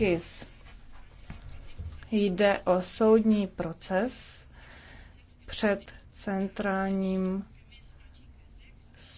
Kiss. Jde o soudní proces před centrálním